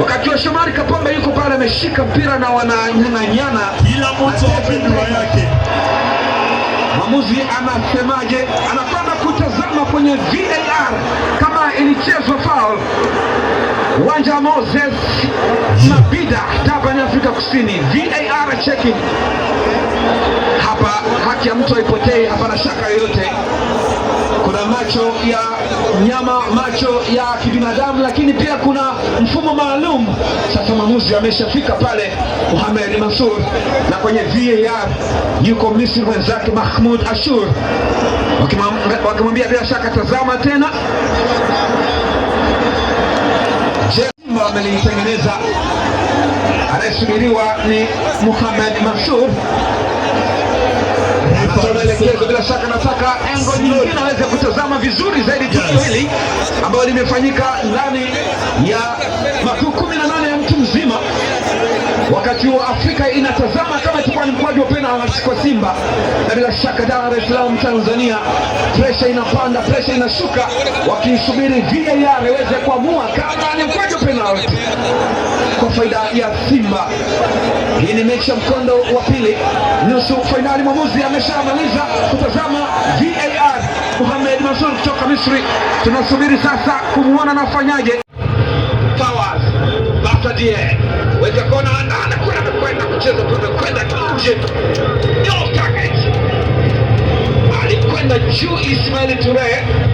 wakati wa Shomari Kapombe yuko pale ameshika mpira na wananyang'anyana, ila mtu apendwa yake. Mwamuzi anasemaje? Anakwenda kutazama kwenye VAR kama ilichezwa foul. Uwanja Moses Mabida, ni Afrika Kusini. VAR checking hapa, haki ya mtu haipotei, hapana shaka yoyote. Kuna macho ya nyama macho ya kibinadamu, lakini pia kuna mfumo maalum. Sasa mwamuzi ameshafika pale Mohamed Mansour, na kwenye VAR yuko Misri mwenzake Mahmoud Ashur, wakimwambia bila shaka, tazama tena jema amelitengeneza. Anayesubiriwa ni Muhammad Mansour maelekezo bila shaka, nataka engo nyingine aweze kutazama vizuri zaidi tukio hili ambalo limefanyika ndani ya wakati huo Afrika inatazama kama itakuwa ni mkwaju wa penalti kwa Simba, na bila shaka Dar es Salaam Tanzania, presha inapanda, presha inashuka, wakisubiri VAR iweze kuamua kama ni mkwaju wa penalti kwa faida ya Simba. Hii ni mechi ya mkondo wa pili nusu fainali, mwamuzi ameshamaliza kutazama VAR. muhamed Mansour kutoka Misri, tunasubiri sasa kumwona anafanyaje. Fawaz Basadie nje ndo tumekwenda nje. No package. Alikwenda juu Ismail Ture